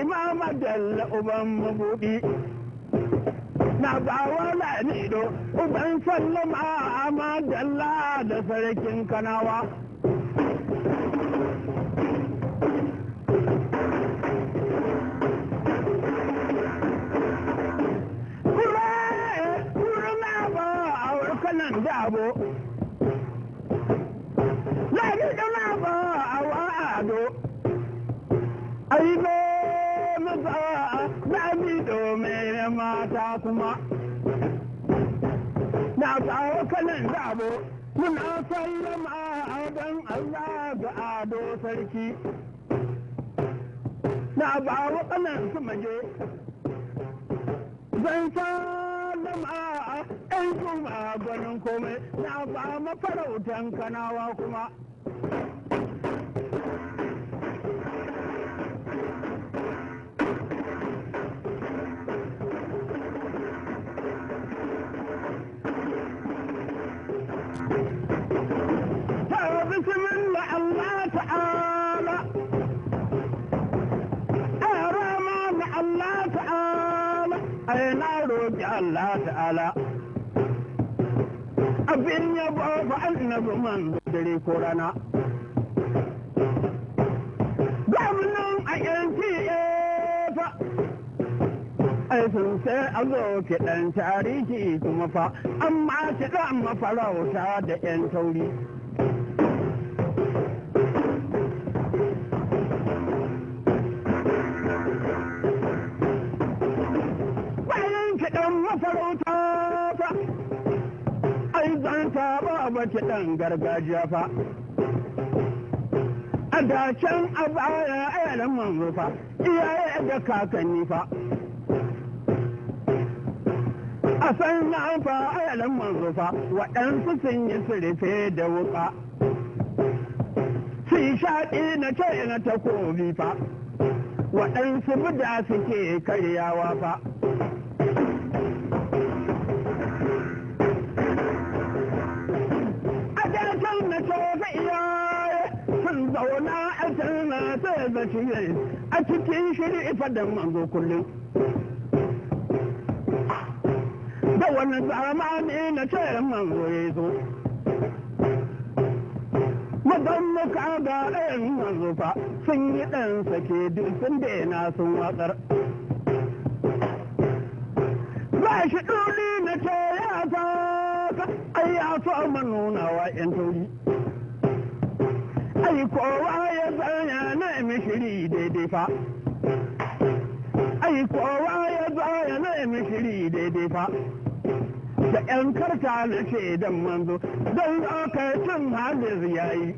imama dalla uban mabuɗi na bawa da do uban sallama ama dalla da sarkin kanawa kanan dabo. Lami kuma na kawo kanan dabo muna sallam a dan Allah ga ado sarki na bawa kanan su maje zan sallam a ɗan kuma gwanin komai na ba mafarautan kanawa kuma ta'ala abin ya ba fa annabi man dare ko rana gwamnan a yanki fa aikin sai a zo dan tarihi kuma fa amma kiɗan mafarauta da 'yan tauri kiɗan gargajiya fa a dacen a baya manzo fa iyaye da kakanni fa a san na fa ayalan manzo fa waɗansu sun yi sirife da wuƙa. su yi shaɗi na ce na takobi fa waɗansu buda suke karyawa fa zauna a tana ta ne a cikin shiri da manzo kullum da wannan zamani na ce manzo ya zo madammuka ga ɗayan manzo fa sun yi ɗan sake duk sun daina sun watsar ba shi ɗoli na ce ya sa ka ayyato a manuna wa 'yan tauri ai kowa ya tsaya na mishiri daidai fa ai kowa ya tsaya na mishiri daidai fa da yan karta na shaidan manzo don aka cin halin yayi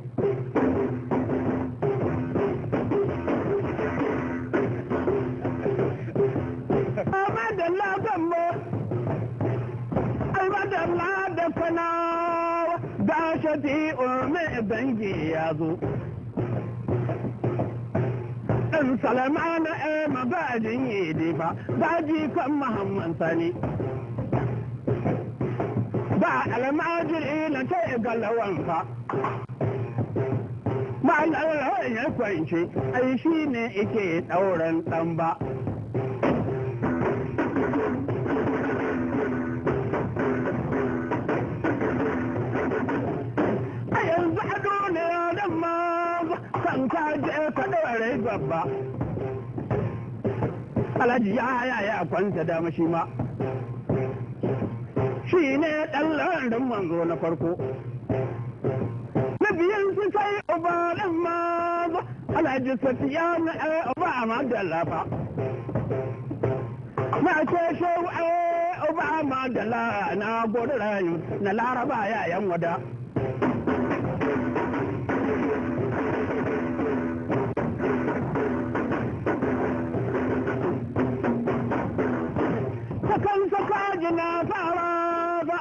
Amma da ladan ba, ai da fana shafi'ul mai dangi ya zo ɗan salama na ema ba jin yi difa ba ji kan muhammad sani ba almajir ila kai galawan ma al'alawar ya kwanci ai shi ne ike ɗauran ɗan ba ba alhaji ya haya ya kwanta dama shi ma shi ne ɗan lardin manzo na farko na biyan su sai uba ɗan maza alhaji safiya na eh, uba a da lafa. na ce shi eh, uba a lafa na gudu rayu na laraba yayan wada na fara ba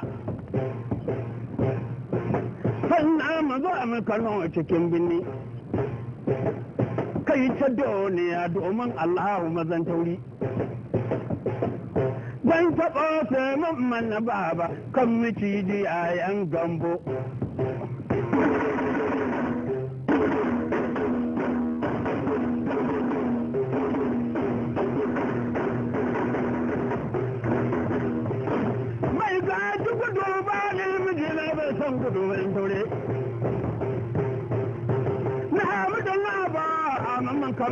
sannan mu mu kano cikin birni kai ta duniya domin allahu mazan tauri ban taɓa ta mana na baba kan miciji a yan gambo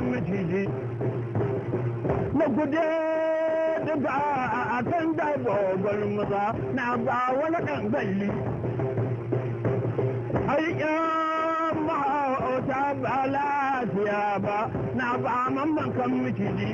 maciji na gude daga a kan daibo gwarmuza na ba wani ɗan galli ayyan ma'auta ba lafiya ba na ba mamman kan maciji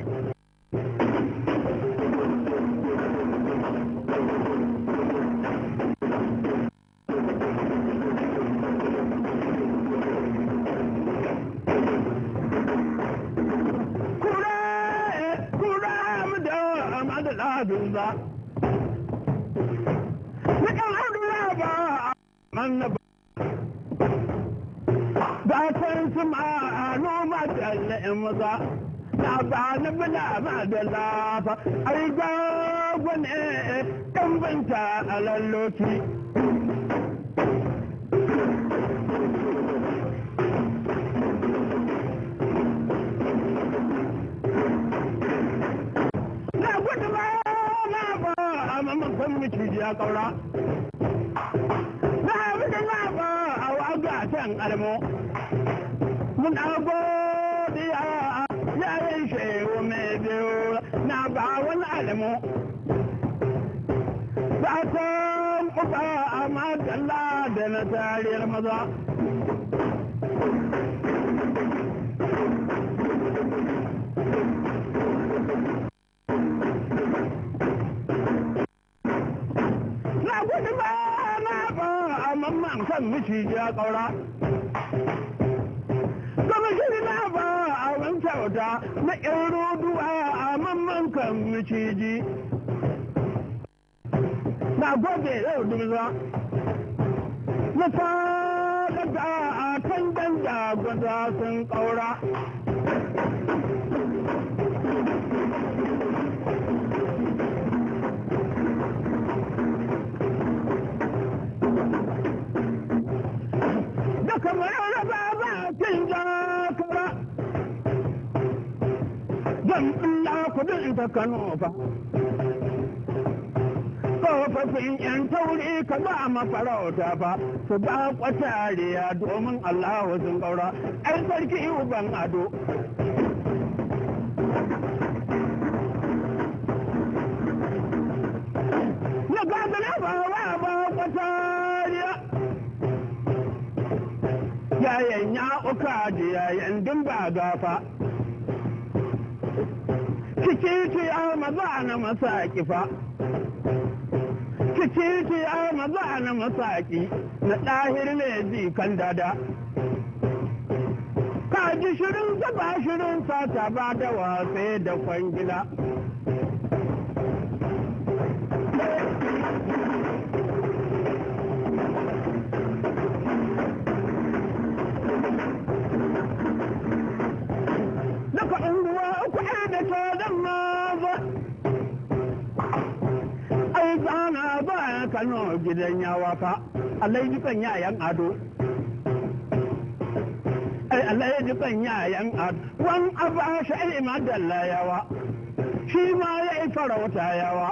ba na kan ba man ba san su ma a noma da Allah maza na ba na bala ma da lafa kaula na abu da na ba a waga can almo mun ago diya ya yi shehu mai biyu na ba wani almo ba ta musa a madalla da na tariyar maza kan miciji ya ƙaura kwamishini na ba a wani kyauta na ƙero roduwa a mamman kan miciji na gobe yau dubiza na ta daga a kan danja gwada sun ƙaura 'yanta kano ba kofafin 'yan tauri ka ba mafarauta ba su ba kwatariya domin allahu sun ƙaura ai sarki uban ado na gada na ba wa ba kwatariya yayan ya uka da yayan dimba gafa Kiciti a maza na masaki fa. Kiciti a maza na masaki na ɗahir mai ji kan dada. Kaji shirin zaba shirin sata ba da wasai da kwangila. gidan yawa fa Allah ji kan yan ado ai eh, Allah ya ji kan yan ado wan abasha eh, ai madalla yawa shi ma ya yayi wata yawa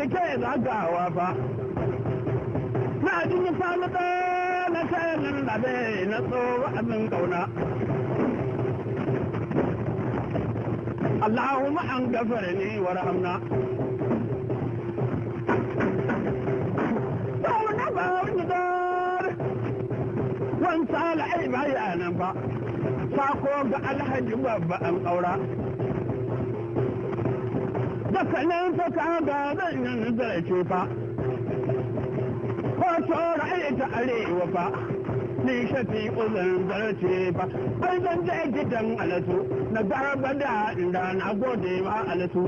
da ke zagawa fa na jin yi famuka na shayanin labe na tsoro abin kauna Allahumma an gafarni warhamna Wan sa'ala ai bai anan ba, fa ko ga alhaji babba an ƙaura. makanin faka ba zan yin zarce fa ko saurayi ta arewa fa ni shafi uzun zarce fa ai zan je gidan alatu na garba da inda na gode ma alatu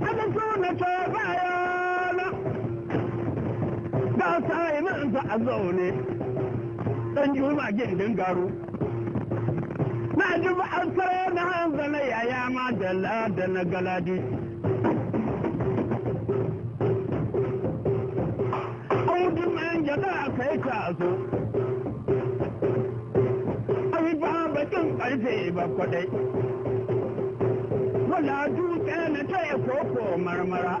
Kaɗan alatu na ta bayana, da sa yi min a zaune. dan juma gin din garu na ji ba an tsara na hanzala yaya ma da la da na galadi Audun an jada da kai ka so. Ai ba batun ƙarfe ba dai Wala dutse na taya koko marmara.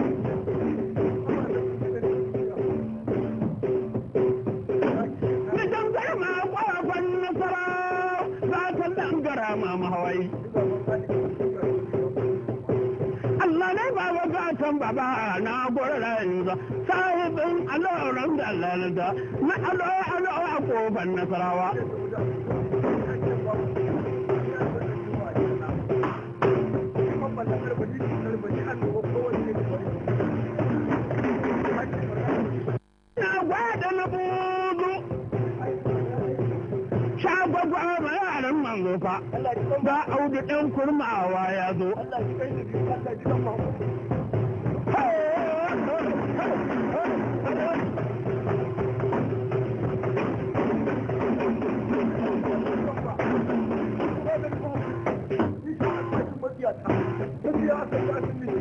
gidan baba na guraren sa sahibin alauran dalalda na alo alo a kofar nasarawa Na gwada na buzu, shagwagwa ba yaran manzo fa, ga audu ɗan kurmawa ya zo. Ich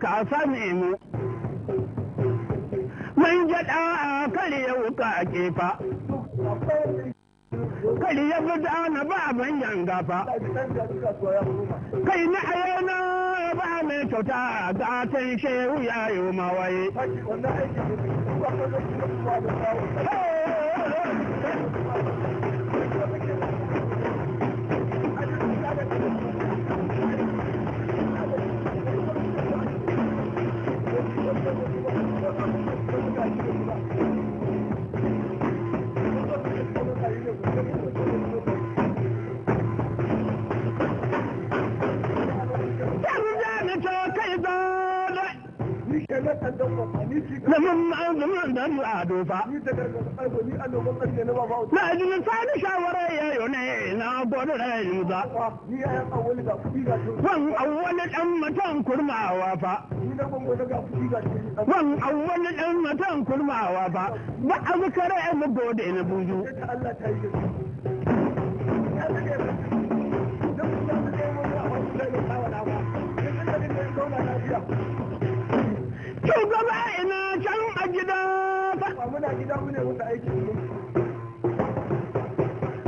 ka sani mu mun jaɗa a kar yau ka kefa kar ya fita na ba ban yanga fa kai na ayana ba mai kyauta ga tan shehu ya yi mawaye Thank you. na mun azumin da mu a dofa na ji misali shawarar ya yi ne na bodo da yi ba wan awwali dan matan kurmawa fa wan awwali dan matan kurmawa fa ba a zukara ya mu gode na buju Thank shugaba ina can a gida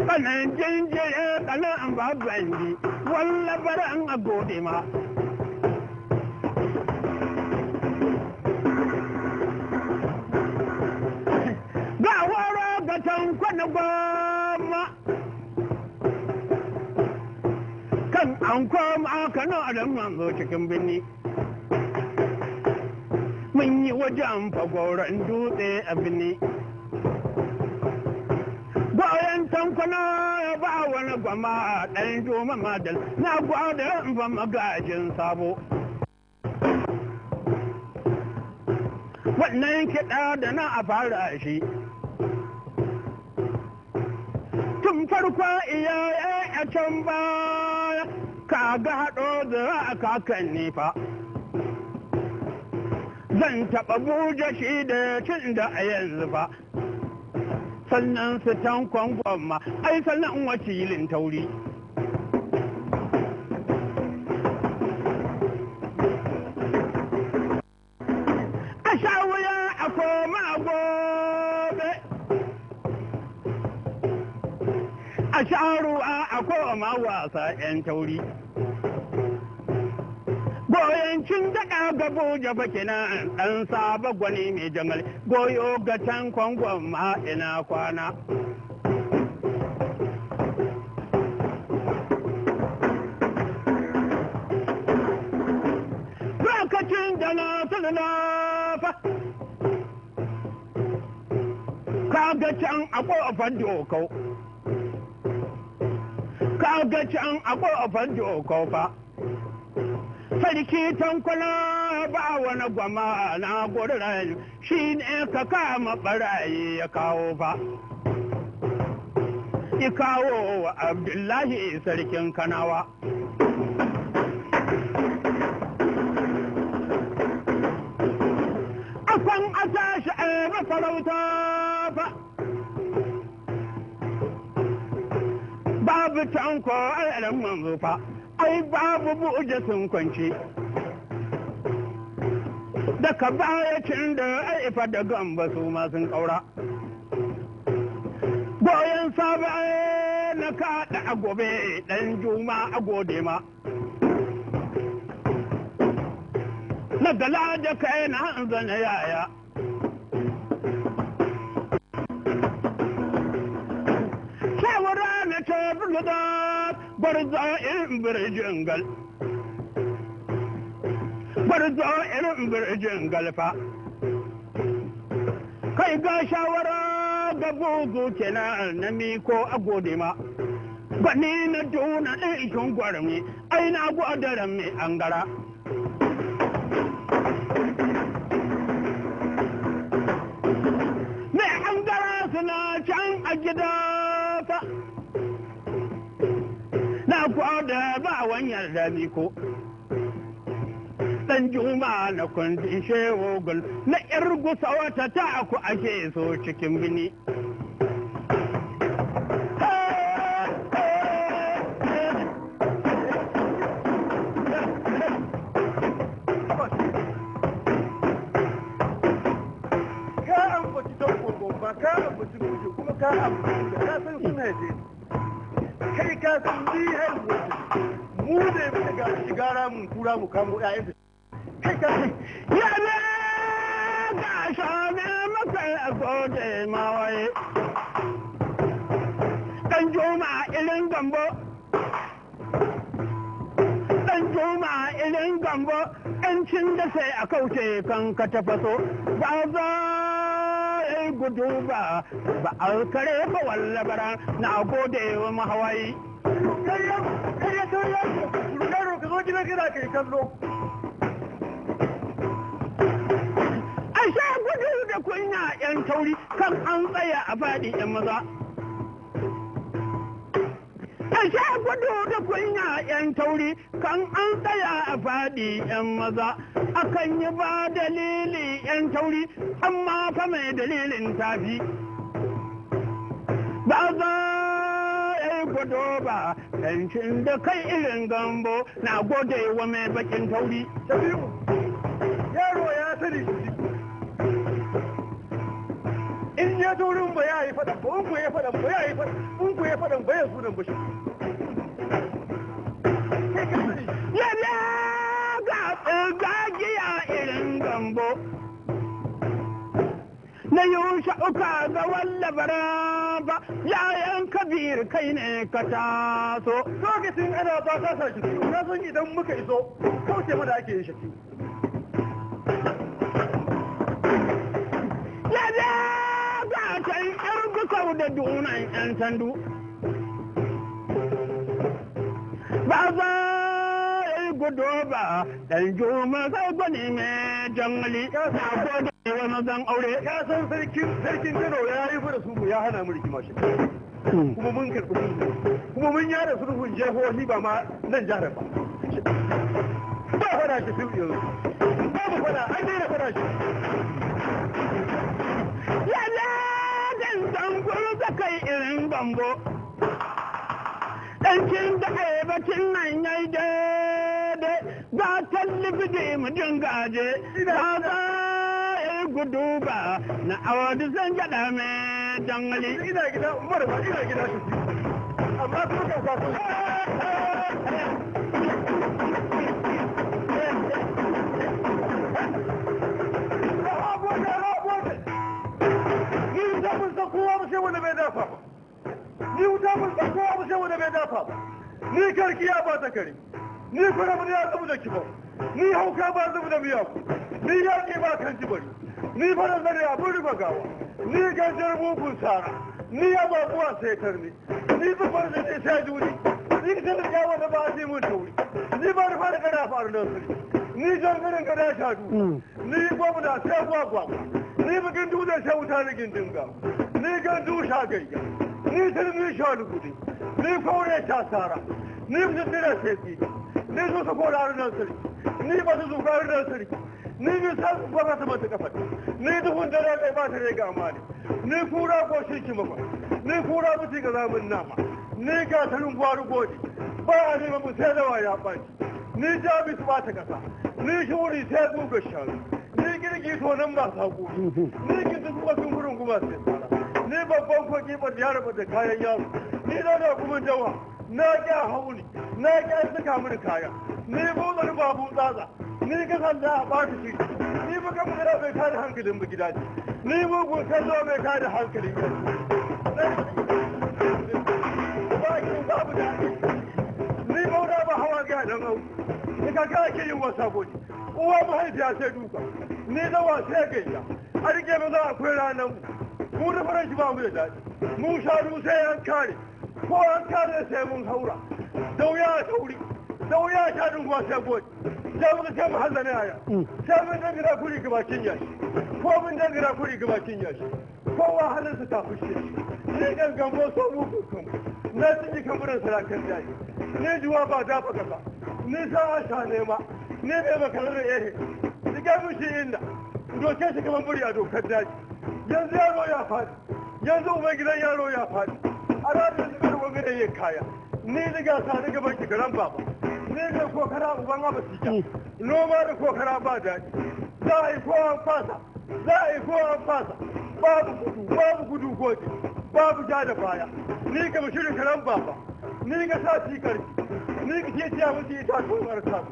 kanan jinjiri kanan an ba bandi wallabar an a gode ma ga waro ga can kwana goma kan an koma kanan adam manzo cikin birni mun yi wajen fagoron dutse a bini bayan tankwana ba wani gwama ɗan joma madal na gwada ba magajin sabo wannan kiɗa da na a fara shi tun farko iya a can ba ka ga haɗo da a kakan nifa zan taɓa buje shi da cin da a yanzu ba sannan su tankon ma ai sannan wakilin tauri a sha wuya a koma gobe a sha ruwa a koma wasa 'yan tauri Cin daɗa ga boja bakina dan saba gwani mai jamal goyo ga can kwangon ma ina kwana. Lokacin da na tuna kaga can a ƙofar dokau kaga can a ƙofar dokau fa sarki tankwala ba wani gwama na gurin shi ne ka kama barayi ya kawo ba ki kawo wa abdullahi sarkin kanawa akan a tashi a mafarauta ba can ko al'adar manzo fa ai babu buɗe sun kwanci daga bayacin da ifa da gamba su ma sun kaura goyon sabai na kaɗa a gobe dan juma a gode ma na galaja kai na zane yaya gudar barza in birjin gal barza in birjin galfa kai ga shawara ga bugu kenan na ko a gode ma gwani na duna ɗin ishin ai na gwadarami angara gara ko da ba wanyar da ko dan juma na kwanci shewogul na yar wata ta aku ake so cikin bini ƴaƴansu yabe da shabe mawaye dan irin gambo dan juma gambo sai a kauce kan ka tafaso ba za gudu ba ba alkare ba wallabara na gode wa mahawai. Kariya, kariya, kariya, a sha gudu da kunya yan tauri kan an tsaya a faɗi yan maza a sha gudu da kunya yan tauri kan an tsaya a faɗi yan maza akan yi ba dalili yan tauri amma fa mai dalilin tafi ba za gudu ba da kai irin gambo na gode wa mai bakin tauri. ya wurin ba ya yi faɗan ba ungu ya faɗan ba ya yi faɗan ungu ya faɗan ba ya sunan ba shi lalla ga giya irin gambo na yi yusha uka ga wallabara ba ya yayan kabir kai ne ka taso lokacin ana ba ta sa shi na san idan muka iso kauce mada ake yin shi sandu da dunan 'yan sandu ba za gudu ba dan juma sai gwani mai jangali ya sa gwada wani zan aure ya san sarkin sarkin Kano ya yi fara su ya hana mu rikima shi kuma mun karɓi kuma mun yada sulhun jihohi ba ma nan jihar ba ba fara shi sun yanzu ba mu fara an daina fara shi yalla dan kurza kai irin bambo ɗancin da aibacin nan ya yi daidai ga tallibidi mu dinga je ba za a gudu ba na awadu zan gada mai jangali ina gida umar ba ina gida shi amma kuma kan kwakwai gari ni kuma mun ya zubu da kibo ni hauka ba zubu da miya ni yaƙi ba kan jibari ni fara zare abin rufe gawa ni ganjar mugun sara ni ya ba kuwa sai karni ni zubar da ne sai juri ni ta da gawa da ba zai mun tauri ni ba da da kada faru da su ni jangarin sha shadu hmm. ni gwamna sai gwagwa ni bugin dutsen sai wuta da gindin gawa ni gandu shagayya ni sha shalugudi ni kore ta sara ni ምስጢረ ሴቲ ni ሱስ ኮላር ነስሪ ni በቱ ዙፋር ነስሪ ni ቢሳብ በበት መጥቀፈት ni ድሁ እንደዳ ቀይባት ሬጋ ማሊ ni ኩራ ኮሽች መፋ ni ኩራ ብት ገዛምን ናማ ni ga tarin gwaru godi ba a ne mu sai da waya ba ni e jabit ba ta kasa ni shuri sai gugu sharu ni girgi to nan ba sako ni gidu kuma sun gurin kuma sai ni babban koki ba yaro da kayan yaro ni da da dawa. na ga hauni na ga suka mini kaya ni butsar babu tsaza ni ga sanda a ɓata shi ni buga mugida bai tada hankalin gidaje ni mugun kallo bai tada hankalin yau babu daɗi ni da ba hawa ga ɗan au ni kaka ke yin wasa goji uwa a sai duka ni da wa sai gayya a arike mu za a kwai ranar mu mu da faranci ba mu da dadi mu mu sai an kare ko an kada sai mun haura da wuya a tauri da wuya a tarin ruwa sai goji sai mun sai mu hazane aya mm. sai mun dangira kuri gabakin yashi ko mun dangira kuri gabakin yashi kowa halinsa ta fushe ne dan gambo so mu kukan na tsinci kamuran sarakan jayi ne juwa ba da dafa kasa ne a sha nema ne bai mai makarar ehe diga mishi inda doke shi kamar buri a dokar daji yanzu yaro ya faɗi yanzu ubangidan yaro ya faɗi a rajin bangaren yin kaya ni riga sa ni gaban garan baba ni ga kokara uban abasija noma da kokara ba daɗi za a yi ko an fasa za a yi ko an fasa babu gudu babu gudu goje babu ja da baya ni ga bashirin karan baba ni ga sa ci karki ni ga ce ciya mutu ita ko marasa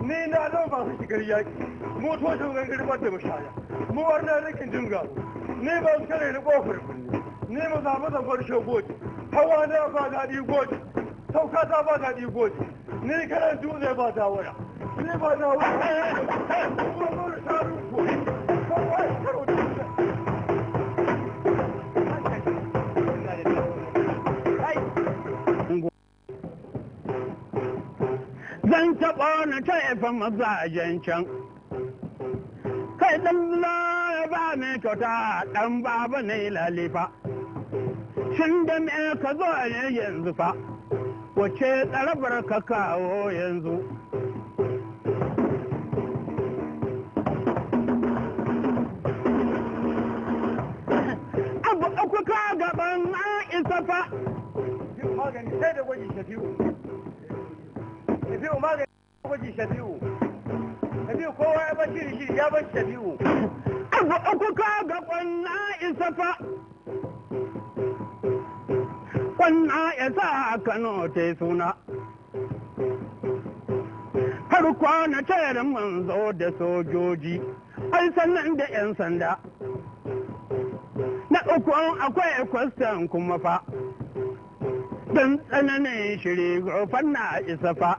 ni na lau ba su shigar yaƙi motocin gangarmar da mashaya mu warna rikin jin gabo ni ba su kare da ƙofar birni ni mu zaɓi zangon shagoji hawa na ba daɗi goji sauka ta ba daɗi goji ni kanan dutse ba wura ni ba dawara kuma ba da tarin goji ya karo dutse zan taɓa na ta efa mazajen can kai ɗan ba mai kyauta ɗan babu ne lalifa tun da me ka zo a ne yanzu fa wace tsarabar ka kawo yanzu abu uku ka gaban an isa fa sai kowa ya bashi shi ya bashi shafi'u abu uku ka gaban an isa fa kwanna ya sa kano ta suna har kwana tere manzo da sojoji ai sannan da 'yan sanda na uku akwai kwastan kuma fa don tsananin shiri fanna isa fa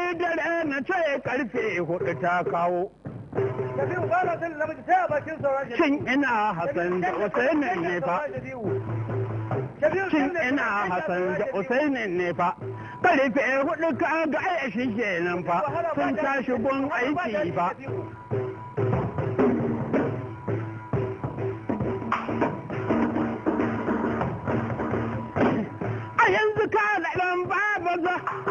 ta ce karfe hudu ta kawo Cin ina Hassan da Usainin ne fa? Cin ina Hassan da Usainin ne fa? Karfe hudu ka ga ayyashin nan fa sun tashi gun aiki ba. A yanzu ka da ɗan babaza.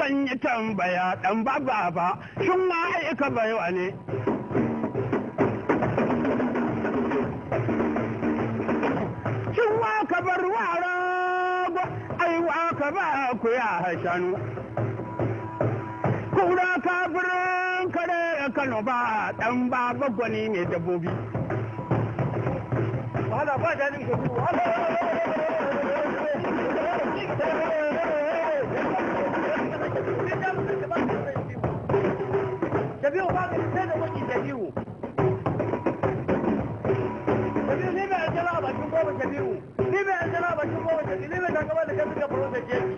San yi tambaya dan ba ba ba shin wa aika baiwa ne shin wa ka bar wa rago ai wa ka ba ku ya shanu kura ka burin kare kano ba dan ba ba gwani ne dabbobi wahala ba da ni wahala تبيعوا بعض الإنسان وجه تبيعوا تبيعوا ليه بقى جلابة شوف بابا تبيعوا ليه بقى جلابة شوف بابا تبيعوا ليه بقى كمان كم كبروت الجيش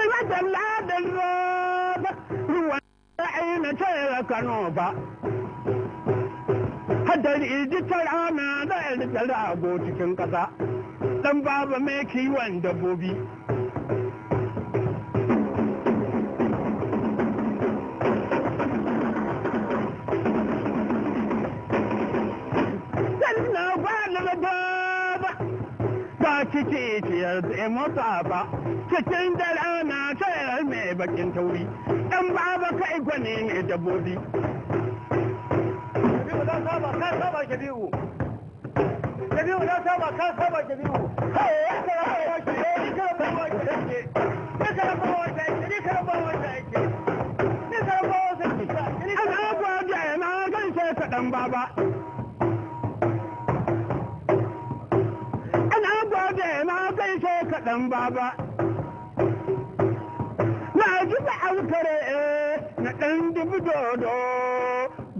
المدى لا بالرابع هو عين تيرك نوبة kadar iditar ana a iditar ago cikin ƙasa dan baba mai kiwon dabbobi ciki ciyar da mota ba cikin dare ana tsayar mai bakin tauri dan baba kai gwani ne dabbobi jabi'u jabi'u na saba ka kaɗan Ana gode ma kai sai kaɗan baba Na ji ba aukare eh, na ɗan dubu dodo.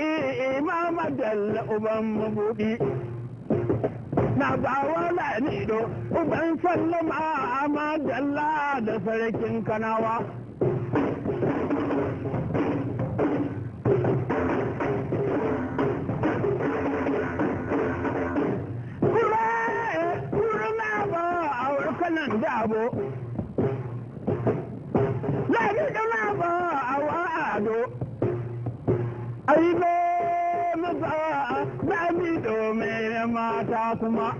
mabuɗi imama dalla uban mabuɗi na bawa na nido uban sallama ama dalla da sarkin kanawa kanan dabo. kuma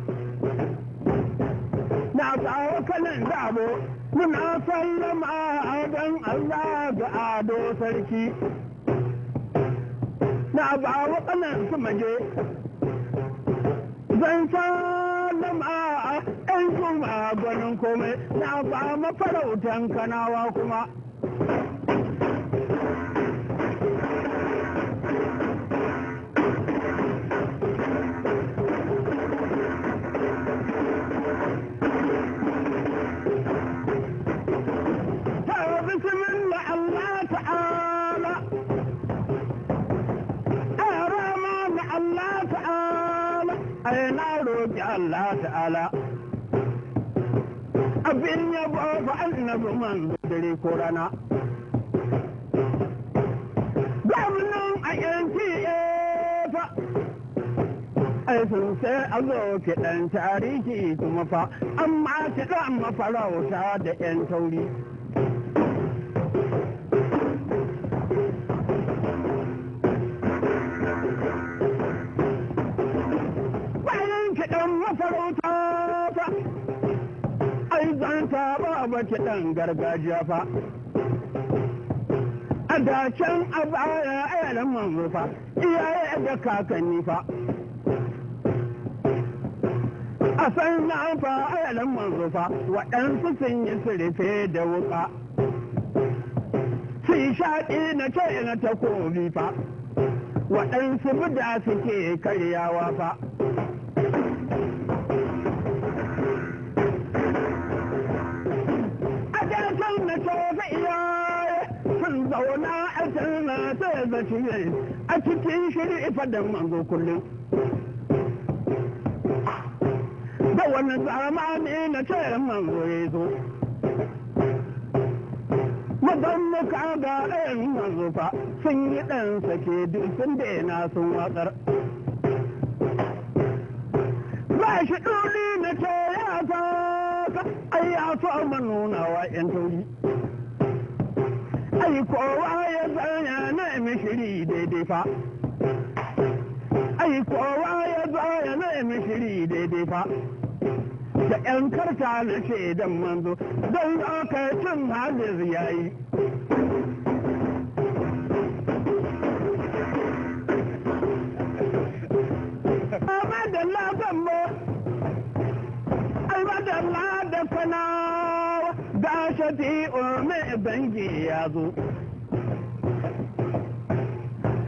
na kawo kanin muna sallama a don Allah ga ado sarki na bawa kanin su maje zan sallama a ɗan kuma gwanin komai na ba mafarautan kanawa kuma ai na roƙi Allah ta'ala abin ya ba fa annabi man dare ko rana gwamnan a yanki fa ai sun sai a zo tarihi kuma fa amma kiɗan mafarauta da 'yan tauri kiɗan gargajiya fa a da can a ayalan mamu fa iyaye da kakanni fa a san na fa ayalan mamu fa waɗansu sun yi sirife da wuka sun shaɗi na ce na takobi fa waɗansu buda suke karyawa fa zauna a tsalla ta yadda shi a cikin shiri fadan manzo kullum da wani zamani na ce manzo ya zo muka ga ɗayan manzo fa sun yi ɗan sake duk sun na sun watsar ba shi ɗoli na ya fa ai ya nuna wa 'yan tauri kai kowa ya zanya na mishiri daidai fa ai kowa ya zanya na mishiri daidai fa da yan karta na shaidan manzo don aka cin hadir yayi Amma da ladan ba, ai da kwana shafi'u mai bangi ya zo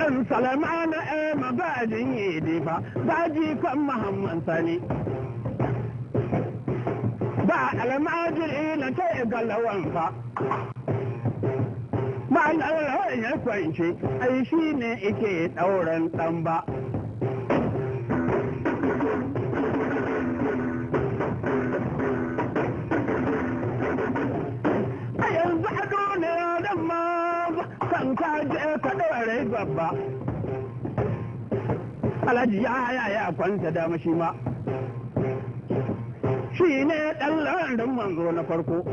in salama na ema bajin yi ba baji kan mahamman sani ba almajiri na kai galawan ba ba alawar ya kwanci ai shi ne ike ɗauran ɗan ba babba alhaji ya haya ya kwanta dama shi ma shi ne ɗan larin manzo na farko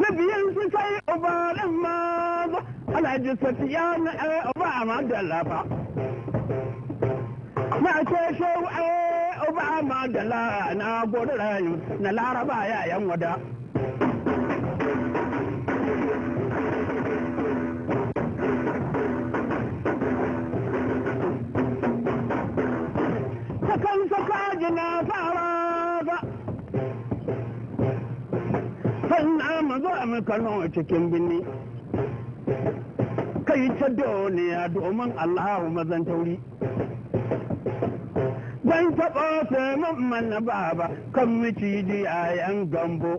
na biyan su sai uba ɗan maza alhaji safiya na eh, uba a madalla ba na ce shehu uba a madalla na gudu na laraba yayan wada sannan mu a mu kano cikin birni kai ta duniya domin allahu mazan tauri ban taɓa mun mana baba kan miciji a yan gambo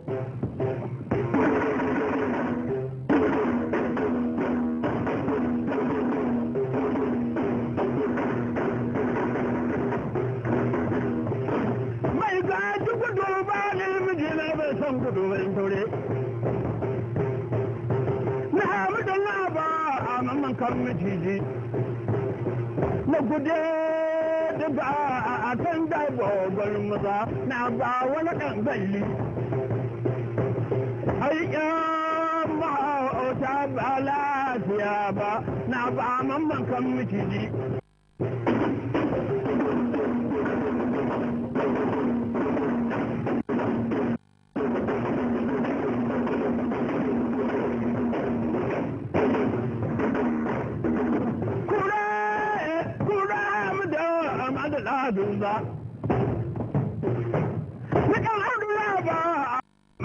maciji na gude da ba a kan da gogon maza na ba wani kan a ai yan ba lafiya ba na ba mamman kan maciji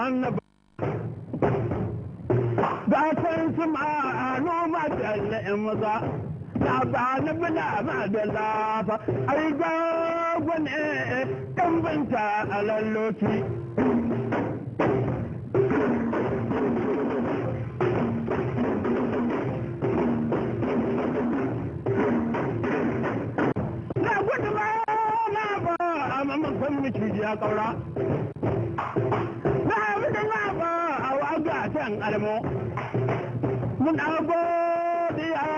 annaba gatan sum'a a noma tsallain maza na bula ma da lafa ai gagon ee kambanta a lalloki na gudu ba na ba a mamakon miciji ya kaura kan alamo mun agodiya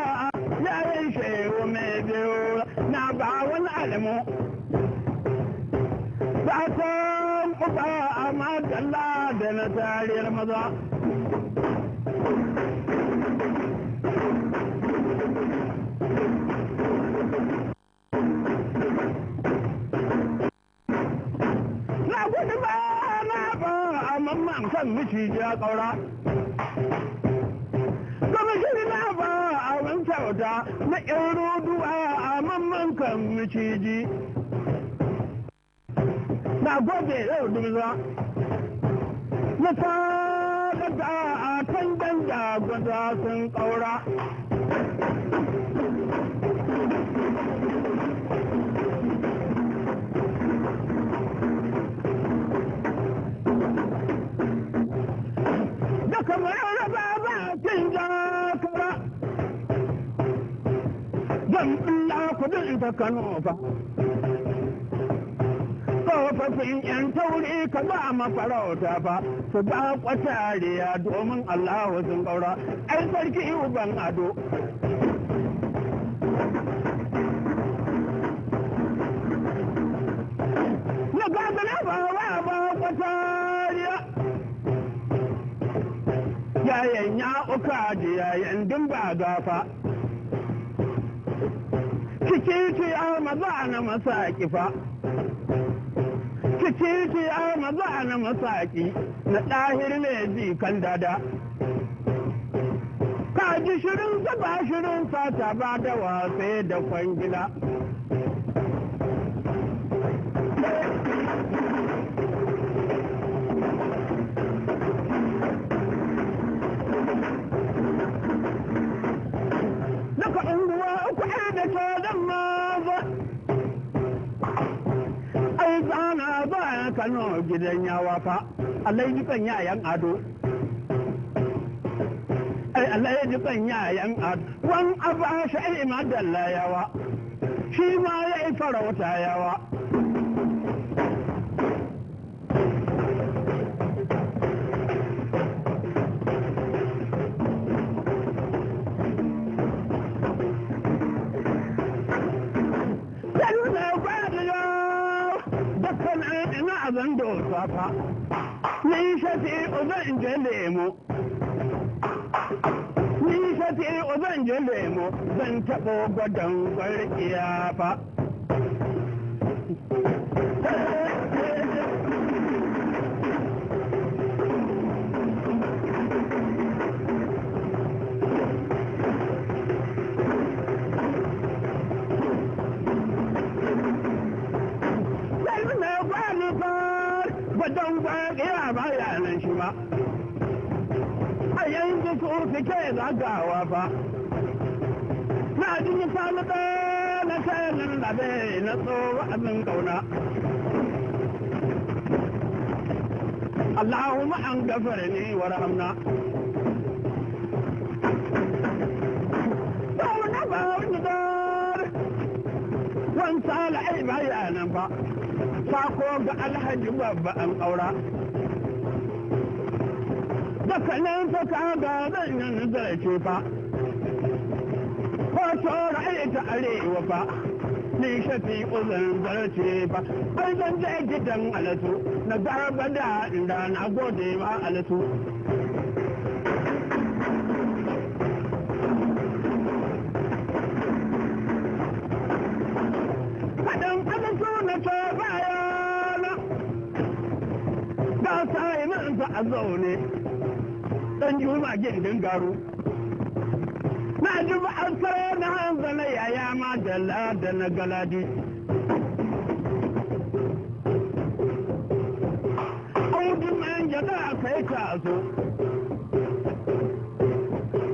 yayin shehu mai biyu na bawon alamo ba san kuka a madalla da na tariyar maza mamman kan miki ya ƙaura kwamishiri na ba wani kyauta na ƴan duwa a mamman kan miciji na gobe yau dubiza na ta a kan danja gwada sun ƙaura kudin ta kano fa kofafin yan tauri ka ba mafarauta fa su ba kwatariya domin allahu sun ƙaura ai sarki uban ado na gaba na ba wa ba kwatariya yayan ya uka da yayan dimba gafa Cikiti a maza na masaki fa. Cikiti a maza na masaki na ɗahir ne kan dada. Kaji shirin zaba shirin sata ba da wasai da kwangila. gidan yawa fa alai ni kan yan ado alai ni kan yan ado wan aba sha'i ma yawa shi ma yayi farauta yawa zan da wasu afa na yi shati iri ozan in je da emo ni shafi iri ozan in je da emo zan taɓa gwadon gwarƙiya fa ودوا بقى يا بقى لان شي ba ayyayin da su suke zagawa ba na jin samu da na kayan da bai na tsoba abin kauna اللهم أن غفرني ورحمنا وانسى العيب أنا fako ga alhaji babba an aura daga nan ga kaga zan yin zarace fa ko ai ta arewa fa ni shafi uzun zarace fa ai zan je gidan alatu na garba da inda na gode ma alatu azau ne dan juma gindin garo na ji ba an tsara na zala yaya ma da da na galadi audin man ya da aka yi taso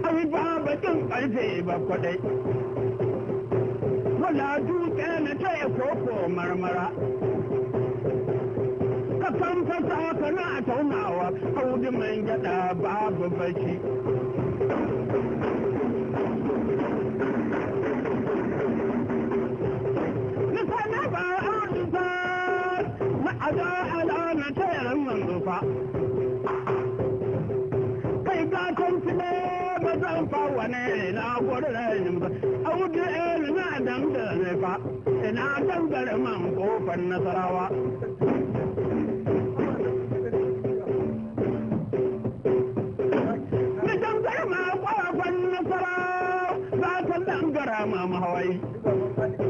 ai ba bakin karfe ba kwadai wala dutse na taya koko marmara san fasa kana taunawa haudu mai gyaɗa babu baki Kai ga kwamfila ba zan fa wane na gurin ba, audu na dangare fa, ina dangare man kofar nasarawa. kwarai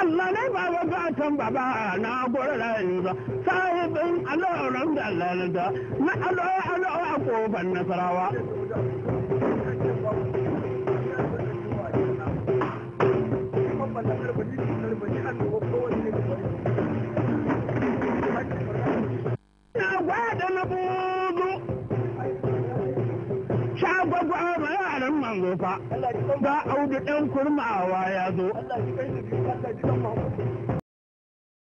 Allah ne ba wa gatan baba na guraren sa sahibin alauran dalalda na alo alo a kofar nasarawa Na gwada na ba fa ga audu ɗan kurmawa ya zo